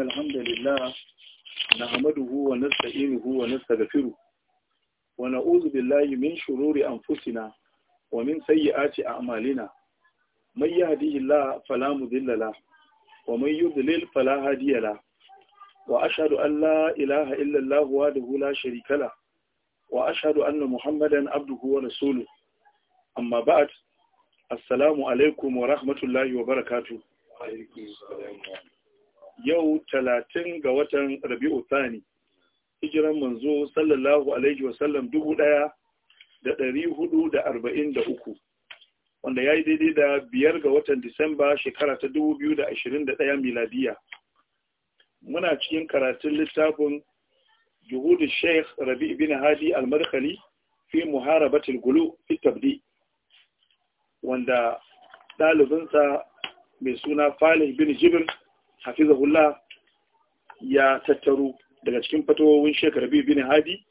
إن الحمد لله نحمده ونستعينه ونستغفره ونعوذ بالله من شرور أنفسنا ومن سيئات أعمالنا من يهديه الله فلا مضل له ومن يضلل فلا هادي له وأشهد أن لا إله إلا الله وحده لا شريك له وأشهد أن محمدا عبده ورسوله أما بعد السلام عليكم ورحمة الله وبركاته وعليكم السلام ورحمة الله yau talatin ga watan rabi'u thani hijiran manzo sallallahu alaihi wasallam dubu ɗaya da dari hudu da arba'in da uku wanda ya yi daidai da biyar ga watan disamba shekara ta dubu biyu da ashirin da ɗaya miladiya muna cikin karatun littafin juhudu sheikh rabi bin hadi al-madkhali fi muharabatil gulu fi tabdi wanda ɗalibinsa mai suna falih bin jibir hafizahullah ya tattaro daga cikin fatawowin shekar biyu bin hadi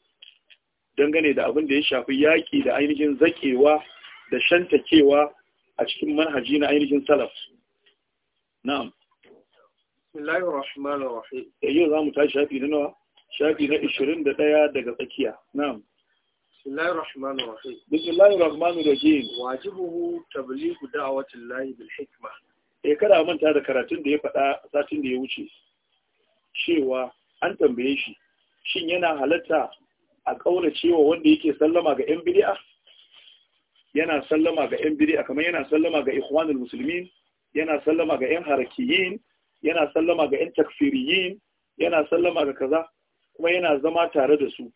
dangane da abin da ya shafi yaƙi da ainihin zakewa da shantakewa a cikin manhaji na ainihin salaf na'am eh, yau za mu tashi shafi na nawa shafi na 21 daga tsakiya na'am bismillahir rahmanir rahim bismillahir rahmanir rahim wajibuhu tablighu da'wati llahi bil hikma eh kada a manta da karatun da ya faɗa satin da ya wuce cewa an tambaye shi shin yana halatta a kaura cewa wanda yake sallama ga yan bidi'a yana sallama ga yan bidi'a kamar yana sallama ga ikhwanul Musulmin? yana sallama ga yan harakiyin yana sallama ga yan takfiriyin yana sallama ga kaza kuma yana zama tare da su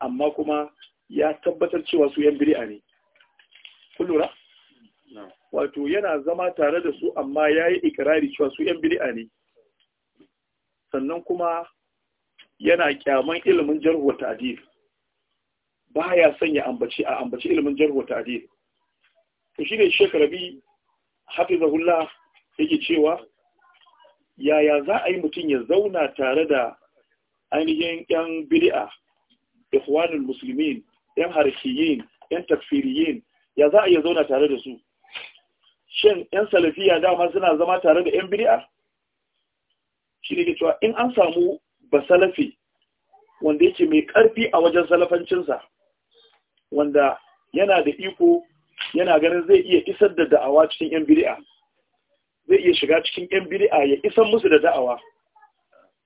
amma kuma ya tabbatar cewa su yan bidi'a ne kullura lura wato yana zama tare da su amma ya yi ikirari cewa su ‘yan bid'a ne sannan kuma yana kyaman ilimin jarhu wata ba ya sanya ambaci a ambaci ilimin jarhu wata ta'adil to shi ne shekarabi ya yake cewa yaya za a yi mutum ya zauna tare da ainihin ‘yan bidi'a ikhwanul muslimin ‘yan harkiyin ‘yan tafsiriyin ya za a iya zauna tare da su shin ‘yan salafiya dama suna zama tare da ‘yan biri'a? Shi ne cewa in an samu ba salafi wanda yake mai ƙarfi a wajen salafancinsa, wanda yana da iko yana ganin zai iya isar da da'awa cikin ‘yan biri'a, zai iya shiga cikin ‘yan biri'a ya isar musu da da'awa,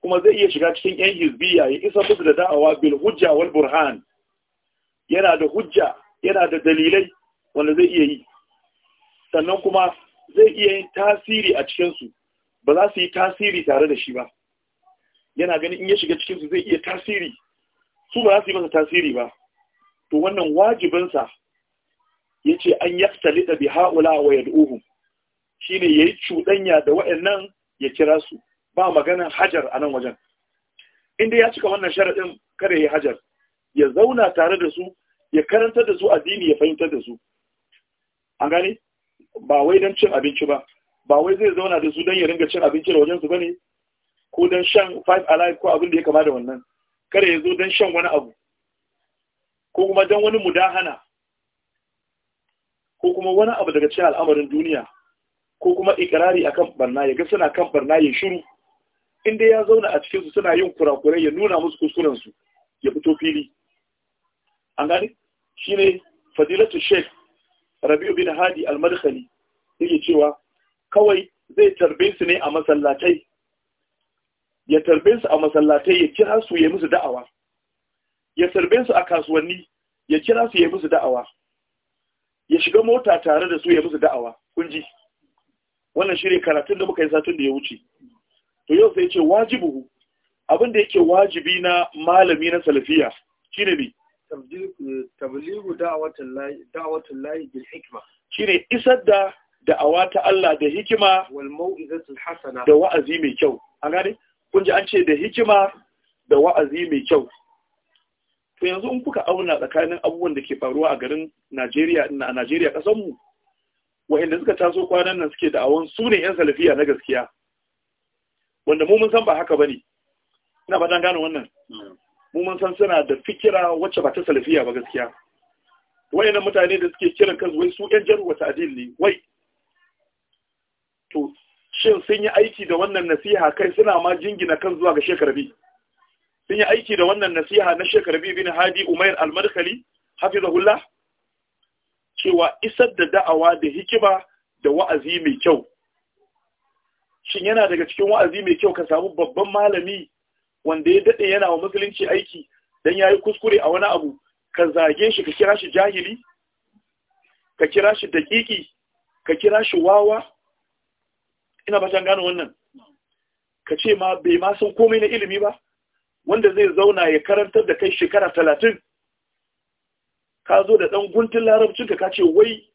kuma zai iya shiga cikin ‘yan hizbiya ya isar musu da da'awa bil hujja wal burhan, yana da hujja, yana da dalilai wanda zai iya yi. sannan kuma zai iya yin tasiri a cikinsu ba za su yi tasiri tare da shi ba yana ganin in ya shiga cikinsu zai iya tasiri su ba za su yi masa tasiri ba to wannan wajibinsa ya ce an yaftali da ula wa ne shine yayi cuɗanya da waɗannan ya kira su ba maganan hajar a nan wajen inda ya cika wannan sharaɗin kada ya hajar ya zauna tare da su ya karanta da su addini ya fahimtar da su an gane ba wai don cin abinci ba ba wai zai zauna da su don ya ringa cin abinci da wajensu ba ne ko don shan five alive ko abin da ya kama da wannan kada ya zo don shan wani abu ko kuma don wani mudahana ko kuma wani abu daga cikin al'amarin duniya ko kuma ikirari akan barna ya ga suna kan barna ya shiru inda ya zauna a cikin su suna yin kurakurai ya nuna musu kuskuren su ya fito fili an gani shine fadilatu sheikh rabi'u bin hadi al-madkhali yake cewa kawai zai tarbe su ne a masallatai ya tarbe su a masallatai ya kira su ya musu da'awa ya tarbe su a kasuwanni ya kira su ya musu da'awa ya shiga mota tare da su ya musu da'awa kun ji wannan ne karatun da muka yi satun da ya wuce to yau sai ce wajibuhu abin da yake wajibi na malami na salafiya shine ne tabligu da'awatul lahi shine isar da da'awa ta Allah da hikima wal mau'izatul hasana da wa'azi mai kyau an gane kun ji an ce da hikima da wa'azi mai kyau to yanzu in kuka auna tsakanin abubuwan da ke faruwa a garin Najeriya a Najeriya kasan mu wa'inda suka taso kwanan nan suke da'awan su ne yan salafiya na gaskiya wanda mu mun san ba haka bane ina ba dan gane wannan mm. mu mun san suna da fikira wacce ba ta salafiya ba gaskiya nan mutane da suke kiran kansu wai su yan wata adil ne wai to shin sun yi aiki da wannan nasiha kai suna ma jingina kan zuwa ga bi sun yi aiki da wannan nasiha na bi bin hadi umair al-madkhali hafizahullah cewa isar da da'awa da hikima da wa'azi mai kyau shin yana daga cikin wa'azi mai kyau ka samu babban malami wanda ya daɗe yana wa musulunci aiki don ya yi kuskure a wani abu ka zage shi ka kira shi jahili ka kira shi daƙiƙi ka kira shi wawa ina ba can gano wannan ka ce ma bai ma san komai na ilimi ba wanda zai zauna ya karantar da kai shekara talatin ka zo da ɗan guntun larabcinka ka ce wai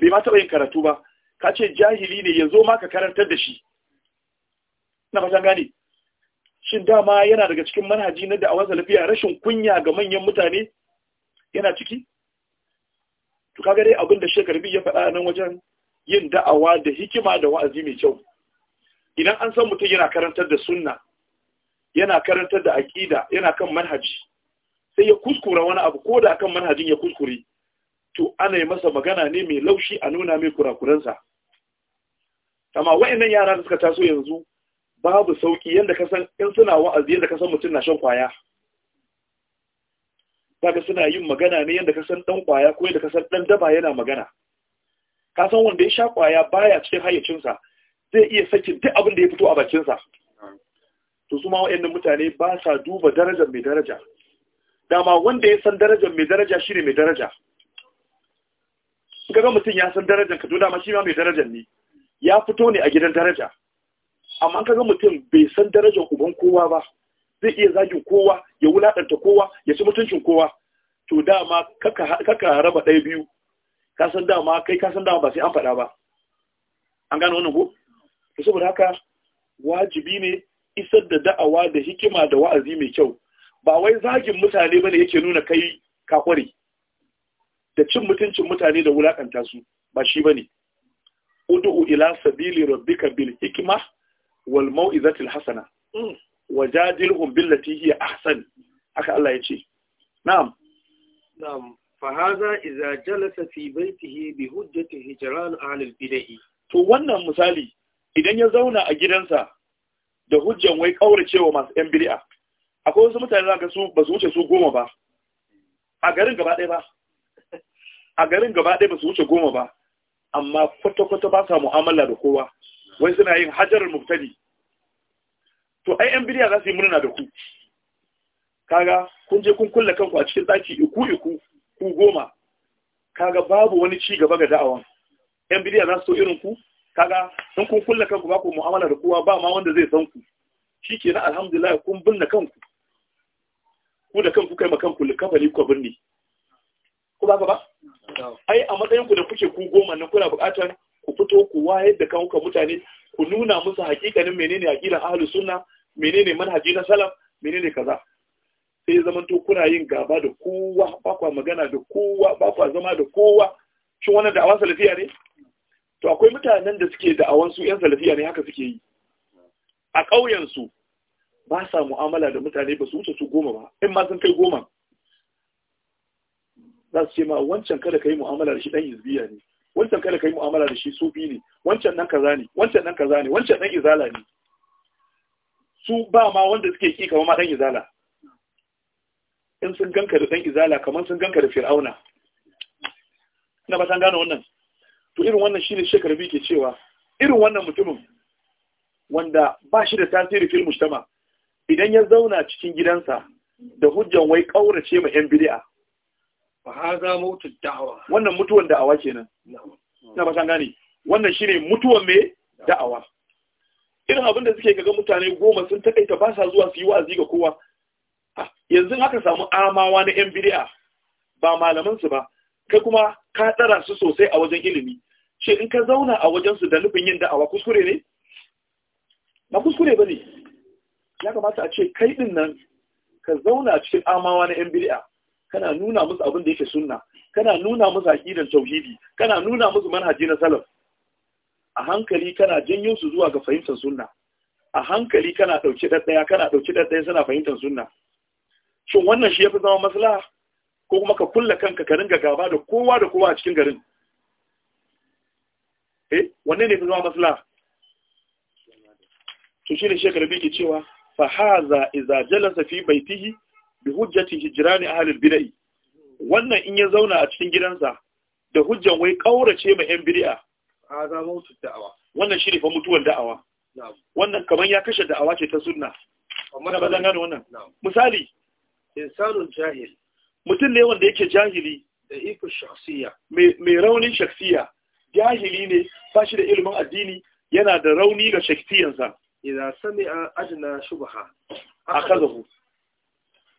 bai ma taɓa yin karatu ba ka ce jahili ne ya ma ka karantar da shi na fatan gane shin dama yana daga cikin manhaji na da'awar lafiya rashin kunya ga manyan mutane yana ciki to kaga dai abin da shekarbi ya faɗa nan wajen yin da'awa da hikima da wa'azi mai kyau idan an san mutum yana karantar da sunna yana karantar da aƙida yana kan manhaji sai ya kuskura wani abu ko da kan manhajin ya kuskure to ana yi masa magana ne mai laushi a nuna mai kurakuransa amma nan yara da suka taso yanzu babu sauki yadda ka san in suna wa'azi yadda ka mutum na shan kwaya kaga suna yin magana ne yadda ka dan kwaya ko yadda kasan dan daba yana magana kasan wanda ya sha kwaya baya cikin hayyacinsa zai iya sakin duk abin da ya fito a bakinsa to su ma wa'annan mutane ba sa duba darajar mai daraja dama wanda ya san darajar mai daraja shine mai daraja kaga mutum ya san darajar ka to dama shi ma mai darajar ne ya fito ne a gidan daraja amma kaga mutum bai san darajar uban kowa ba zai iya zagin kowa ya wulaɗanta kowa ya ci mutuncin kowa to dama kaka raba ɗaya biyu ka san dama kai ka san dama ba sai an faɗa ba an gane wannan ko to saboda haka wajibi ne isar da da'awa da hikima da wa'azi mai kyau ba wai zagin mutane bane yake nuna kai ka da cin mutuncin mutane da wulaƙanta su ba shi bane ud'u ila sabili rabbika bil hikima. wal mau'izatil hasana mm. wajadilhum billati hiya ahsan haka Allah ya ce na'am na'am fa hadha idza jalasa fi baytihi bi hujjati hijran ahli bid'ah to wannan misali idan ya zauna a gidansa da hujjan wai kauracewa masu yan bid'a akwai wasu mutane zaka su ba su wuce su goma ba a garin gaba ɗaya ba a garin gaba ɗaya ba su wuce goma ba amma kwata-kwata ba sa mu'amala da kowa wai suna yin hajarar muftadi to ai yan bidiya za su yi murna da ku kaga kun je kun kulle kanku a cikin daki iku iku ku goma kaga babu wani ci gaba ga da'awan yan bidiya za su so irin ku kaga in kun kulle kanku ba ku mu'amala da kowa ba ma wanda zai san ku shikenan alhamdulillah kun binne kanku ku da kanku kai ma kanku likafali ku binne ku ba ba ai a matsayin ku da kuke ku goma nan kuna buƙatar ku fito ku wayar da kanku mutane ku nuna musu hakikanin menene aqidan ahlus sunna menene manhaji na salaf menene kaza sai zaman to kuna yin gaba da kowa ba kwa magana da kowa ba kwa zama da kowa shin wannan awan salafiya ne to akwai mutanen da suke awan su yan salafiya ne haka suke yi a ƙauyen su ba sa mu'amala da mutane ba su wuce su goma ba in ma sun kai goma za su ce ma wancan kada ka yi mu'amala da shi dan biya ne wancan kada ka yi mu'amala da shi sufi ne wancan nan kaza ne wancan nan kaza ne wancan dan izala ne su ba ma wanda suke ki kamar ma dan izala in sun ganka da dan izala kamar sun ganka da fir'auna ina ba san gane wannan to irin wannan shine shekar bi ke cewa irin wannan mutumin wanda ba shi da tasiri fil mujtama idan ya zauna cikin gidansa da hujjan wai kaurace ma yan bid'a fahaza mautu da'awa wannan mutuwan da'awa kenan ina ba san gane wannan shine mutuwan me da'awa irin abin da suke kaga mutane goma sun takaita ba sa zuwa su yi wa'azi ga kowa yanzu haka samu amawa na yan bid'a ba malaman su ba kai kuma ka tsara su sosai a wajen ilimi shi in ka zauna a wajen su da nufin yin da'awa kuskure ne ba kuskure bane ya kamata a ce kai din nan ka zauna cikin amawa na yan bid'a kana nuna musu abin da yake sunna kana nuna musu aqidan tauhidi kana nuna musu manhaji na salaf a hankali kana janyo su zuwa ga fahimtar sunna a hankali kana da daya kana da daya suna fahimtar sunna shin wannan shi yafi zama maslaha ko kuma ka kulla kanka ka ringa gaba da kowa da kowa a cikin garin eh wanne ne fi zama maslaha to shi shekara bi ke cewa fa haza idza jalasa fi baitihi bi hujjati hijrani ahlul bid'ah wannan in ya zauna a cikin gidansa da hujjan wai kaurace ma yan bid'a hada mutu da'awa wannan shi ne fa mutuwar da'awa wannan kaman ya kashe da'awa ce ta sunna amma ba zan gano wannan misali insanun jahil mutum ne wanda yake jahili da ifin shakhsiya mai raunin shakhsiya jahili ne ba shi da ilimin addini yana da rauni ga shakhsiyansa idan sami ajna shubha akazahu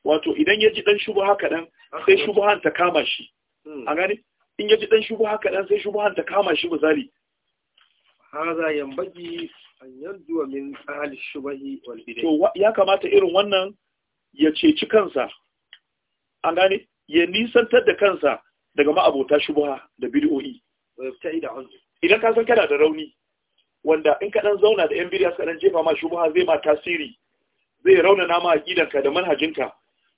wato idan ya ji dan haka kaɗan sai shubhan ta kama shi hmm. a gani in ya ji dan haka kaɗan sai shubhan ta kama shi misali haza yambaji an yanzu min ahli shubahi wal bidai to ya kamata irin wannan ya ceci kansa A gani ya nisantar da kansa daga ma'abota shubha da bid'o'i idan ka san kana da rauni wanda in ka dan zauna da yan bidiya ka dan jefa ma shubha zai ma tasiri zai raunana ma aqidanka da manhajinka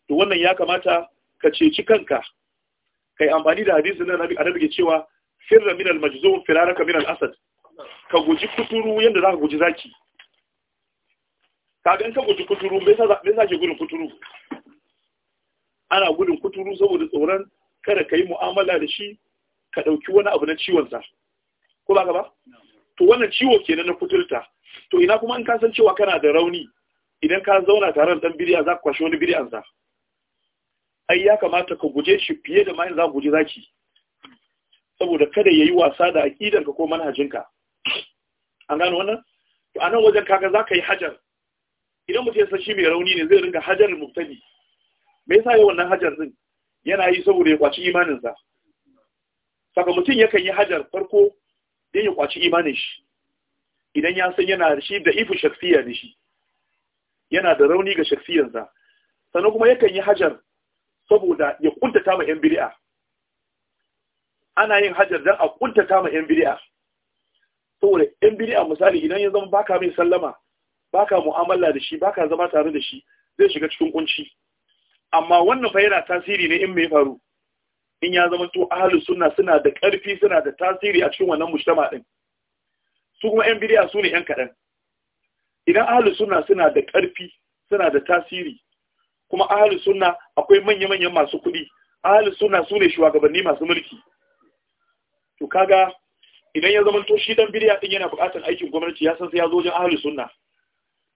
to wannan ya kamata ka ceci kanka kai amfani da hadisin nan annabi ke cewa firar min al-majzum firaraka min al-asad ka guji kuturu yanda zaka guji zaki kaga in ka guji kuturu me yasa ke gudun kuturu ana gudun kuturu saboda tsoron kada kai mu'amala da shi ka ɗauki wani abu na ciwon sa ko ba ka ba to wannan ciwo kenan na kuturta to ina kuma in ka san cewa kana da rauni idan ka zauna tare da dan bidiya za ka kwashe wani bidiyan ai ya kamata ka guje shi fiye da mayan za ku guje zaki saboda kada ya yi wasa da aƙidarka ko manhajinka an gano wannan to a nan wajen kaga za ka yi hajar idan mutum ya san shi mai rauni ne zai ringa hajar mubtadi me yasa ya wannan hajar din yana yi saboda ya kwaci imaninsa saka mutum yakan yi hajar farko dan ya kwaci imanin shi idan ya san yana da shi da ifu shaksiya ne shi yana da rauni ga shaksiyarsa sannan kuma yakan yi hajar saboda ya kuntata ma yan bid'a ana yin hajar dan a kuntata ma yan bid'a saboda yan bid'a misali idan ya zama baka mai sallama baka mu'amala da shi baka zama tare da shi zai shiga cikin kunci amma wannan fa yana tasiri ne in mai faru in ya zama to ahlus sunna suna da ƙarfi suna da tasiri a cikin wannan mujtama din su kuma yan bid'a su ne yan kaɗan idan ahlus sunna suna da ƙarfi suna da tasiri kuma ahalus sunna akwai manya-manyan masu kuɗi ahalus sunna su ne shugabanni masu mulki to kaga idan ya zama to shi dan bidiya din yana buƙatar aikin gwamnati ya san sai ya zo wajen ahalus sunna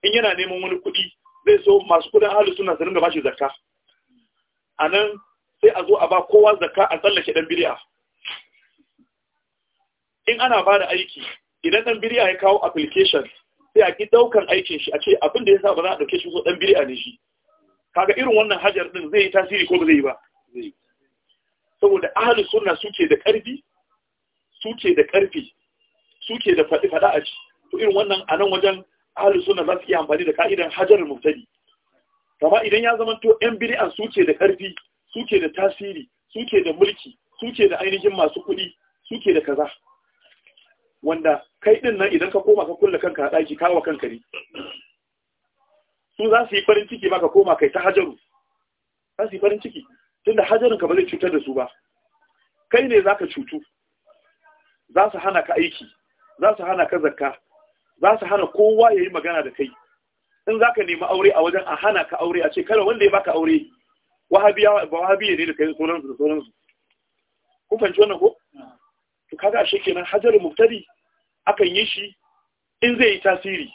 in yana neman wani kuɗi zai so masu kuɗin ahalus sunna su dinga bashi zakka anan sai a zo a ba kowa zakka a tsallake dan bidiya in ana ba da aiki idan dan bidiya ya kawo application sai a ki daukan aikin shi a ce abin da ya sa ba za a dauke shi so dan bidiya ne shi kaga irin wannan hajar din zai yi tasiri ko ba zai yi ba saboda ahli sunna suke da karfi suke da karfi suke da fadi fada a ci to irin wannan a nan wajen ahli sunna za su iya amfani da ka'idan hajar mubtadi kama idan ya zama to yan bid'a suke da karfi suke da tasiri suke da mulki suke da ainihin masu kuɗi suke da kaza wanda kai din nan idan ka koma ka kulle kanka a ɗaki kawo kanka ne su za su yi farin ciki maka koma kai ta hajaru za su yi farin ciki tunda hajarun ka ba zai cutar da su ba kai ne za ka cutu za su hana ka aiki za su hana ka zakka za su hana kowa ya yi magana da kai in za ka nemi aure a wajen a hana ka aure a ce kada wanda ya baka aure wahabiya ba ne da kai sauransu da sauransu kun fahimci wannan ko to kaga ashe kenan hajarin muftari akan yi shi in zai yi tasiri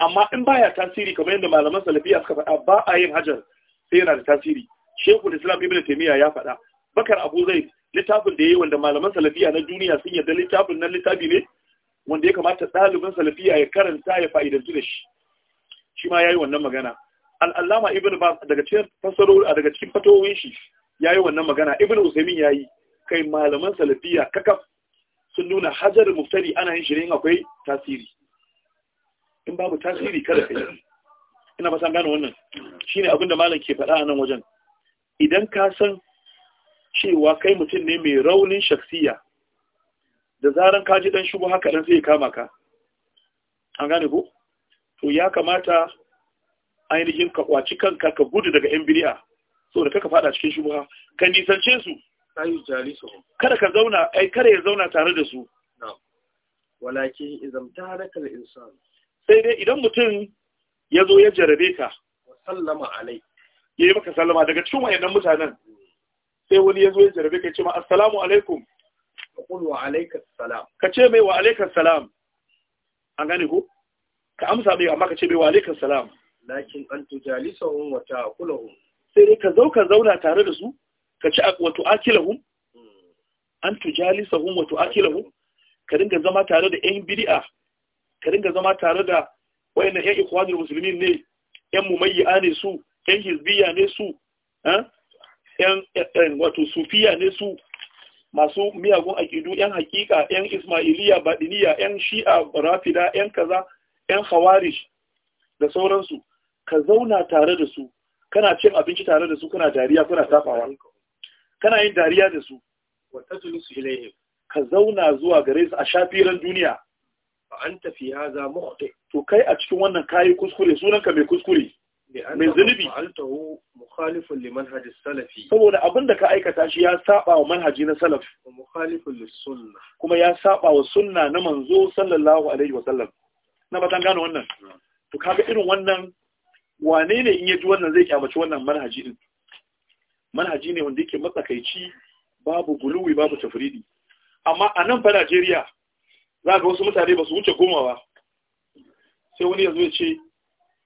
amma in baya tasiri kamar yadda malaman salafiya suka faɗa ba a yin hajar sai yana da tasiri da islam ibn taymiya ya faɗa bakar abu zai littafin da yayi wanda malaman salafiya na duniya sun yarda littafin nan littafi ne wanda ya kamata ɗalibin salafiya ya karanta ya fa'idantu da shi shi ma yayi wannan magana al'allama ibn ba daga cikin fasarori daga cikin fatowin shi yayi wannan magana ibn usaimin yayi kai malaman salafiya kakaf sun nuna hajar muftari ana yin shirin akwai tasiri in babu tasiri kada ka yi ina ba san gane wannan shine abin da malam ke faɗa a nan wajen idan ka san cewa kai mutum ne mai raunin shaksiya da zaran ka ji dan shugo haka dan sai kama ka an gane ko to ya kamata ainihin ka kwaci kanka ka gudu daga yan bid'a saboda kaka faɗa cikin shubha ka nisance su kada ka zauna ai kada ya zauna tare da su walakin idan tarakal insan sai dai idan mutum ya zo ya jarabe ka sallama alai ya yi maka sallama daga cikin wayannan mutanen sai wani ya zo ya jarabe ka ce ma assalamu alaikum ka wa salam ka ce mai wa alaikas salam an gane ko ka amsa mai amma ka ce mai wa alaikas salam lakin an tujalisahum wa ta'kulahum sai dai ka zo ka zauna tare da su ka ci wa tu'akilahum hmm. an tujalisahum wa tu'akilahum ka dinga zama tare da yan bid'a ka dinga zama tare da wayannan ƴan ikhwanul muslimin ne ƴan mumayya ne su ƴan hizbiya ne su eh, ƴan wato sufiya ne su masu miyagun aƙidu ƴan haƙiƙa ƴan ismailiya baɗiniya ƴan shi'a rafida ƴan kaza ƴan hawarish da sauransu ka zauna tare da su kana cin abinci tare da su kana dariya kuna tafawa kana yin dariya da su ka zauna zuwa gare su a shafiran duniya an tafi haza mukhti to kai a cikin wannan kayi kuskure sunanka mai kuskure mai zunubi altahu mukhalifun li manhaj salafi saboda abinda ka aikata shi ya saba wa manhaji na salaf mukhalifun lis sunna kuma ya saba wa sunna na manzo sallallahu alaihi wa sallam na batan gano wannan to kaga irin wannan wane ne in yaji wannan zai kyamaci wannan manhaji din manhaji ne wanda yake matsakaici babu guluwi babu tafridi amma a nan fa Najeriya za ga wasu mutane ba su wuce goma ba sai wani yanzu ya ce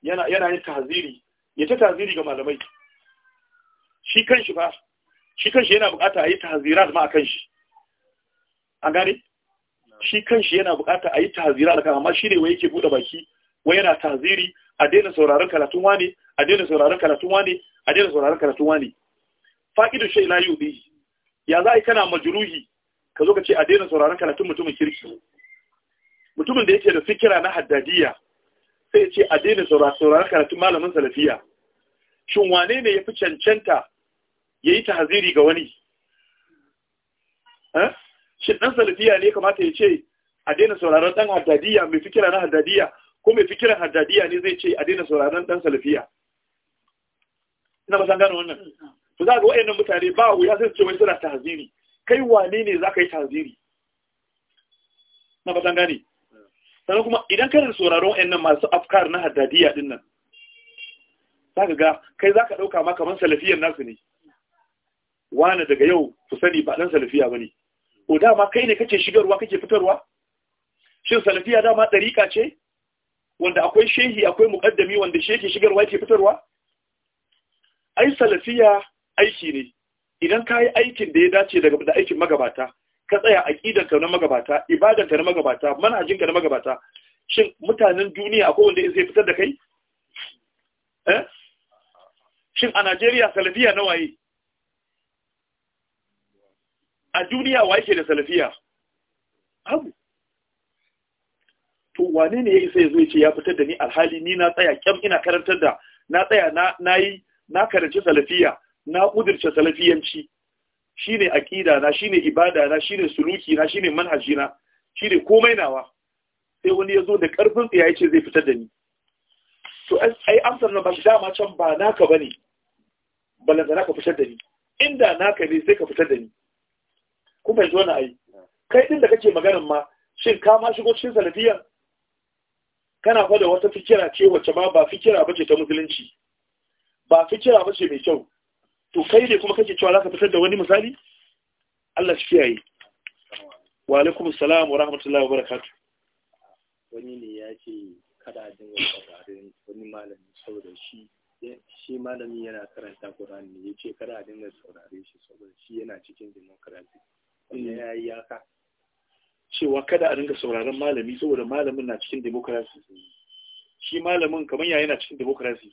yana yin tahaziri ya ta tahaziri ga malamai shi kanshi ba shi kanshi yana bukata a yi tahazirat ma a kanshi an gane shi kanshi yana bukata a yi tazira da amma shi ne wai yake bude baki wai yana tahaziri a daina sauraron karatun wane a daina sauraron karatun wane a daina sauraron karatun wane fa'idu shay la yudi ya za a yi kana majruhi ka zo ka ce a daina sauraron karatun mutumin kirki mutumin da yake da fikira na haddadiya sai ce a daina sauraron karatun malamin salafiya shin wane ne ya fi cancanta ya yi tahaziri ga wani eh? shin ɗan salafiya ne kamata ya ce a daina sauraron ɗan haddadiya mai fikira na haddadiya ko mai fikiran haddadiya ne zai ce a daina sauraron ɗan salafiya ina ba san gano wannan Ba za ga wayannan mutane ba wuya sai su ce wai suna tahaziri kai wane ne za ka yi tahaziri na ba san gane sannan kuma idan kana sauraron nan masu afkar na haddadiya din nan ka ga kai za ka ɗauka ma kaman salafiyar nasu ne wani daga yau ku sani ba dan salafiya ne ko dama kai ne kake shigarwa kake fitarwa shin salafiya dama dariƙa ce wanda akwai shehi akwai muƙaddami wanda shehi shigarwa yake fitarwa ai salafiya aiki ne idan ka yi aikin da ya dace daga da aikin magabata ka tsaya aqidanka na magabata ibadanka na magabata manhajinka na magabata shin mutanen duniya akwai wanda zai fitar da kai eh shin a Najeriya salafiya na waye a duniya waye ke da salafiya abu to wane ne ya isa ya zo ce ya fitar da ni alhali ni na tsaya kyam ina karantar da na tsaya na yi na karanci salafiya na kudirce salafiyanci shine akida na shine ibada na shine suluki na shine manhaji na shine komai nawa sai wani ya zo da karfin sa yace zai fitar da ni to ai amsar na ba shi dama can ba naka bane balanta naka fitar da ni inda naka ne sai ka fitar da ni bai zo na ai kai din da kake maganar ma shin ka ma shigo cikin salafiyya kana fa da wata fikira ce wacce ba, ba fikira bace ta musulunci ba fikira bace mai kyau to kai ne kuma kake cewa zaka fitar da wani misali Allah shi kiyaye wa alaikum assalam wa rahmatullahi wa barakatuh wani ne ya ce kada a dinga wani malami saboda shi shi malami yana karanta Qur'ani ne yace kada a dinga saurare shi saboda shi yana cikin democracy wannan yayi yaka cewa kada a dinga sauraron malami saboda malamin na cikin demokrasi. shi malamin kamar yana cikin demokrasi.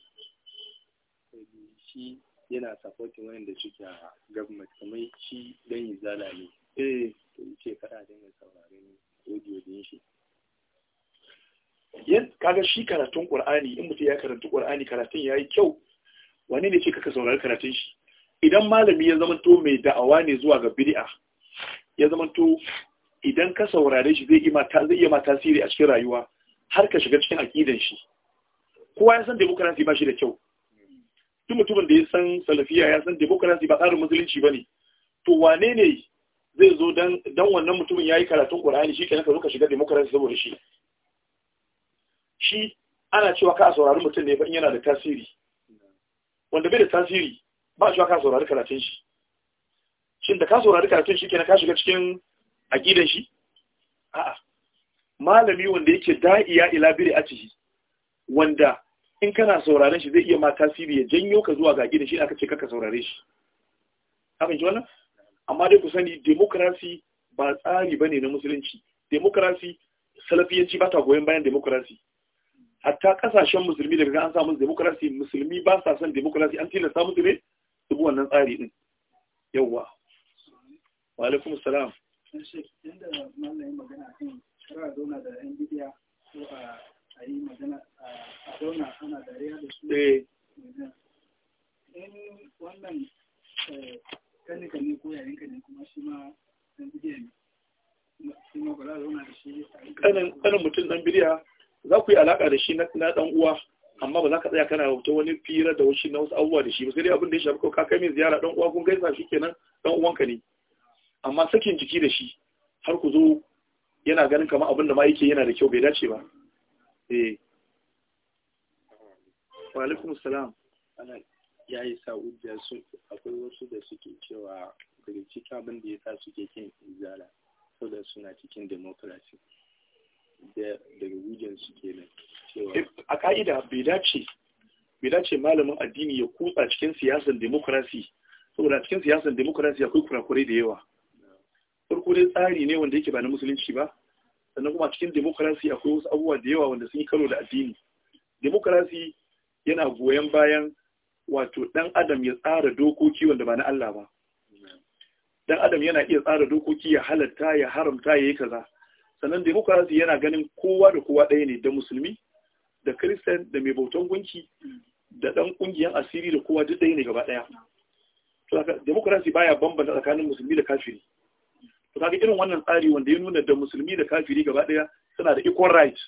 shi yana supporting da suke a government kamar shi dan zala ne eh to ce kada dinga sauraren audio din shi yan kaga shi karatun qur'ani in mutum ya karanta qur'ani karatun ya yi kyau wani ne ce kaka saurari karatun shi idan malami ya zamanto mai da'awa ne zuwa ga bid'a ya zamanto idan ka saurare shi zai iya ma tasiri a cikin rayuwa har ka shiga cikin aqidan shi kowa ya san demokrasi ba shi da kyau duk mutumin da ya san salafiya ya san democracy ba tsarin musulunci ba ne to wane ne zai zo dan wannan mutumin ya yi karatun ƙwararri shi kenan ka zo ka shiga democracy saboda shi shi ana cewa ka saurari mutum ne in yana da tasiri wanda bai da tasiri ba cewa ka saurari karatun shi shin da ka saurari karatun shi kenan ka shiga cikin aƙidan shi a'a malami wanda yake da'iya ila biri a ciki wanda in kana sauraren shi zai iya ma tasiri ya janyo ka zuwa ga gida shi aka ce kaka saurare shi abin ji wannan amma dai ku sani demokrasi ba tsari ba ne na musulunci demokrasi salafiyanci ba ta goyon bayan demokrasi hatta kasashen musulmi daga an samu demokrasi musulmi ba sa son demokrasi an tilasta musu ne su bi wannan tsari din yawwa wa alaikum salam inda magana kan da Ƙanin eh. eh, kanin mutum ɗan biriya, za ku yi alaƙa da shi na ɗan uwa amma ba za ka tsaya kana wuta wani fira da wasu na wasu abubuwa da shi ba sai dai abin da ya shafi kawai kakai mai ziyara ɗan uwa kun gaisa shi kenan ɗan uwanka ne amma sakin jiki da shi har ku zo yana ganin kamar abin da ma yake yana da kyau bai dace ba eh wa salam ya yi sa'udiyya su akwai wasu da suke cewa daga cikin abin da ya sa suke kin izala saboda suna cikin demokrasi daga wujen su kenan cewa eh, a ka'ida bai dace bai dace malamin addini ya kutsa cikin siyasar demokrasi saboda cikin siyasar demokrasi akwai kurakurai da yawa farko dai tsari ne wanda yake ba na musulunci ba sannan kuma cikin demokarasi akwai wasu abubuwa da yawa wanda sun yi karo da addini demokarasi yana goyon bayan wato dan adam ya tsara dokoki wanda ba na Allah ba dan adam yana iya tsara dokoki ya halatta ya haramta ya yi kaza sannan demokarasi yana ganin kowa da kowa ɗaya ne da musulmi da kiristan da mai bautan gunki da dan kungiyan asiri da kowa duk ɗaya ne gaba ɗaya demokarasi baya bambanta tsakanin musulmi da kafiri to kaga irin wannan tsari wanda ya nuna da musulmi da kafiri gaba daya suna da equal right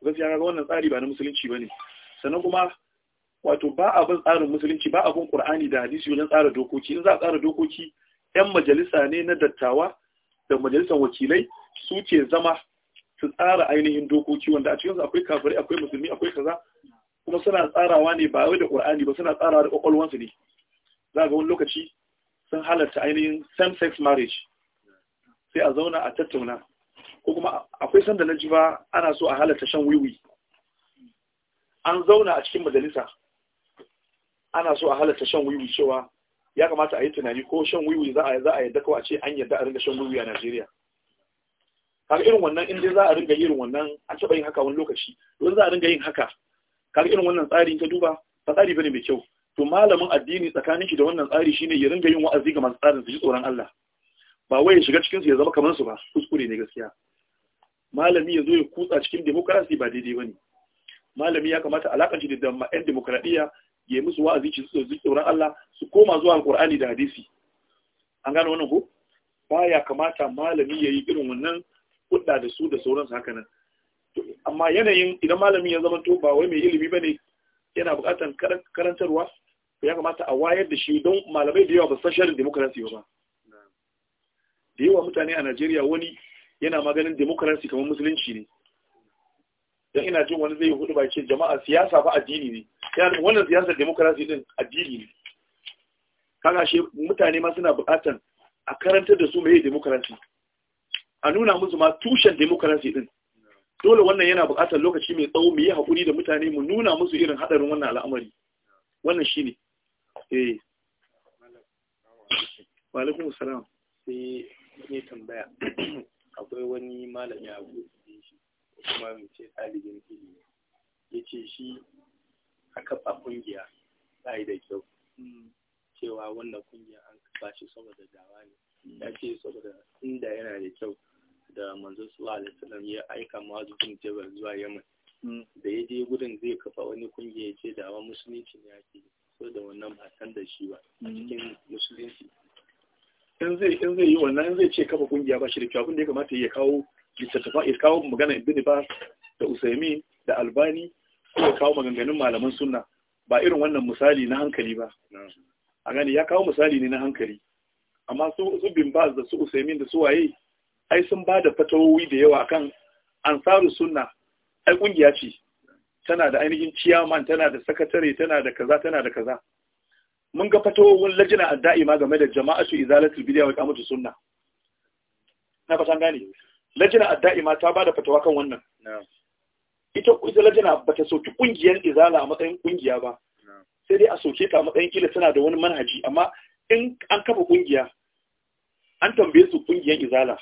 to gaskiya kaga wannan tsari ba na musulunci bane sannan kuma wato ba a bin tsarin musulunci ba a bin qur'ani da hadisi wajen tsara dokoki in za a tsara dokoki yan majalisa ne na dattawa da majalisar wakilai su ce zama su tsara ainihin dokoki wanda a cikinsu akwai kafirai akwai musulmi akwai kaza kuma suna tsarawa ne ba wai da qur'ani ba suna tsarawa da kwakwalwansu ne za ga wani lokaci sun halarta ainihin same-sex marriage sai a zauna a tattauna ko kuma akwai sanda na ji ba ana so a halarta shan wiwi an zauna a cikin majalisa ana so a halarta shan wiwi cewa ya kamata a yi tunani ko shan wiwi za a yadda kawai a ce an yadda a ringa shan wiwi a Najeriya kaga irin wannan in dai za a ringa irin wannan an taba yin haka wani lokaci don za a ringa yin haka kaga irin wannan tsari ka duba ba tsari bane mai kyau to malamin addini tsakanin shi da wannan tsari shine ya ringa yin wa'azi ga masu tsarin su ji tsoron Allah ba wai ya shiga cikin su ya zama kamar su ba kuskure ne gaskiya malami ya zo ya kutsa cikin demokrasi ba daidai ne. malami ya kamata alakan shi da ma'an demokradiya ya yi musu wa'azi su ji tsoron Allah su koma zuwa alqur'ani da hadisi an gane wannan ko baya kamata malami ya yi irin wannan kuɗa da su da sauransu haka nan amma yanayin idan malami ya zama to ba wai mai ilimi bane yana buƙatar karantarwa ya kamata a wayar da shi don malamai da yawa ba san sharin demokarasi ba da yawa mutane a najeriya wani yana maganin demokarasi kamar musulunci ne don ina jin wani zai yi hudu ba ce jama'a siyasa ba addini ne yana wannan siyasar demokarasi din addini ne kaga shi mutane ma suna bukatan a karantar da su mai demokarasi a nuna musu ma tushen demokarasi din dole wannan yana buƙatar lokaci mai tsawo mu yi haƙuri da mutane mu nuna musu irin haɗarin wannan al'amari wannan shi ne eh walaikum sai ne tambaya akwai wani malami a gudu shi kuma mu ce ɗalibin ilimi ya ce shi a kafa ta yi da kyau hmm. cewa wannan ƙungiya an kafa shi saboda dawa ne hmm. ya ce saboda inda yana da kyau da manzo sallallahu alaihi ya aika mazu bin jabar zuwa yamma. Hmm. da ya je gudun zai kafa wani ƙungiya ya ce dawa musulunci ne ake yi ko da wannan matan da shi ba a mm. cikin musulunci in zai in zai yi wannan zai ce kafa kungiya ba shi da kyau abin da ya kamata ya kawo littattafa ya kawo magana ibn ba da usaimi da albani ko ya kawo maganganun malaman sunna ba irin wannan misali na hankali ba mm. a gani ya kawo misali ne na hankali amma su su bin ba da su usaimi da su waye ai sun ba da fatawoyi da yawa akan ansaru sunna ai kungiya ce tana da ainihin ciyaman tana da sakatare tana da kaza tana da kaza mun ga fatowar lajina da'ima game da jama'atu izalatul bid'a wa qamatu sunna na fatan gane lajina da'ima ta bada fatawa kan wannan ita ita lajina ta soki kungiyar izala a matsayin kungiya ba sai dai a soke ta a matsayin kila tana da wani manhaji amma in an kafa kungiya an tambaye su kungiyar izala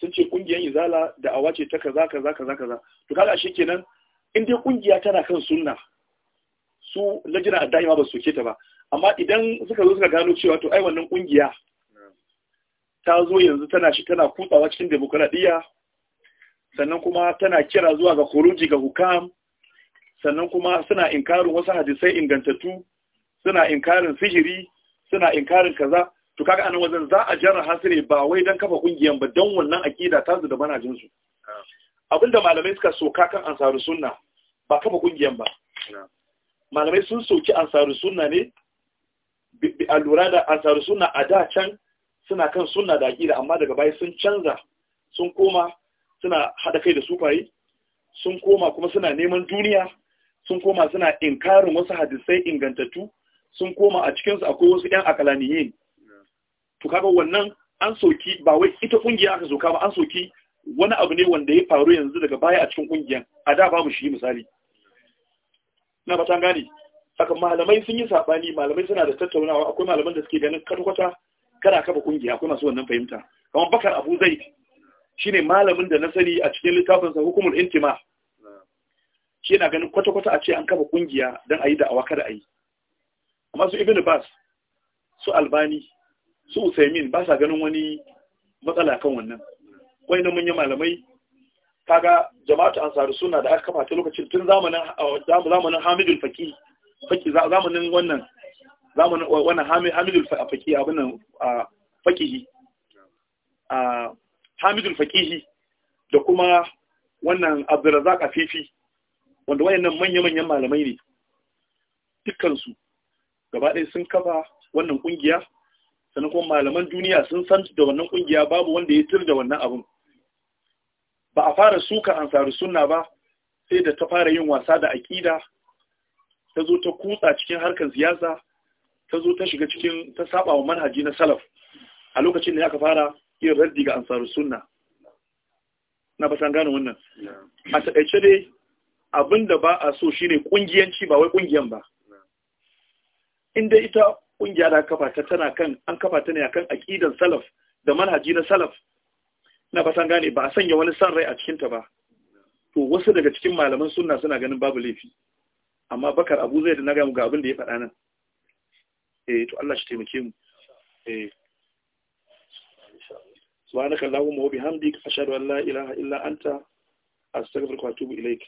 sun ce kungiyar izala da awace ta kaza kaza kaza kaza to kaga kenan in dai kungiya tana kan sunna su lajina a da'ima ba su ke ta ba amma idan suka zo suka gano cewa to ai wannan kungiya ta zo yanzu tana shi tana kutsawa cikin demokradiyya sannan kuma tana kira zuwa ga kuruji ga hukam sannan kuma suna inkarin wasu hadisai ingantattu suna inkarin sihiri suna inkarin kaza to kaga anan wajen za a jarra hasire ba wai don kafa kungiyan ba dan wannan akida ta zu da manajin abinda malamai suka soka kan ansaru sunna ba kafa kungiyan ba malamai sun soki ansaru sunna ne a lura da ansaru sunna a da can suna kan sunna da aƙida amma daga baya sun canza sun koma suna haɗa kai da sufaye sun koma kuma suna neman duniya sun koma suna inkarin wasu hadisai ingantattu sun koma a cikinsu akwai wasu 'yan akalaniyin to kaga wannan an soki ba wai ita kungiya aka soka ba an soki wani abu ne wanda ya faru yanzu daga baya a cikin kungiyan a da ba mu shi misali na ba tan gane haka malamai sun yi sabani malamai suna da tattaunawa akwai malaman da suke ganin kwata-kwata a kafa kungiya akwai masu wannan fahimta kamar bakar abu zai shine malamin da na sani a cikin littafin sa hukumul intima shi yana ganin kwata-kwata a ce an kafa kungiya don a yi da awa kada a yi amma su ibn bas su albani su usaimin ba sa ganin wani matsala kan wannan Wai na manyan malamai kaga jama'atu ansaru suna da aka kafa ta lokacin tun zamanin zamanin Hamidul Faqi faki zamanin wannan zamanin wannan Hamidul Faqi abin nan faqihi a Hamidul Faqihi da kuma wannan Abdurrazzaq Afifi wanda wayannan manya-manyan malamai ne dukkansu gaba ɗaya sun kafa wannan kungiya sannan kuma malaman duniya sun san da wannan kungiya babu wanda ya tir da wannan abun ba a fara suka ansaru sunna ba sai da ta fara yin wasa da aƙida ta zo ta kutsa cikin harkar siyasa ta zo ta shiga cikin ta saba wa manhaji na salaf a lokacin da aka fara yin raddi ga ansaru sunna na ba san gane wannan a taƙaice dai abinda ba a so shine ƙungiyanci ba wai ƙungiyan ba inda ita ƙungiya da kafa ta tana kan an kafa ta ne akan aqidan salaf da manhaji na salaf na fatan gane ba a sanya wani san rai a cikinta ba to wasu daga cikin malaman sunna suna ganin babu laifi amma bakar abu zai da na gamu ga abin da ya faɗa nan eh to Allah shi taimake mu eh subhanaka allahumma wa bihamdika ashhadu an la ilaha illa anta astaghfiruka wa atubu ilaik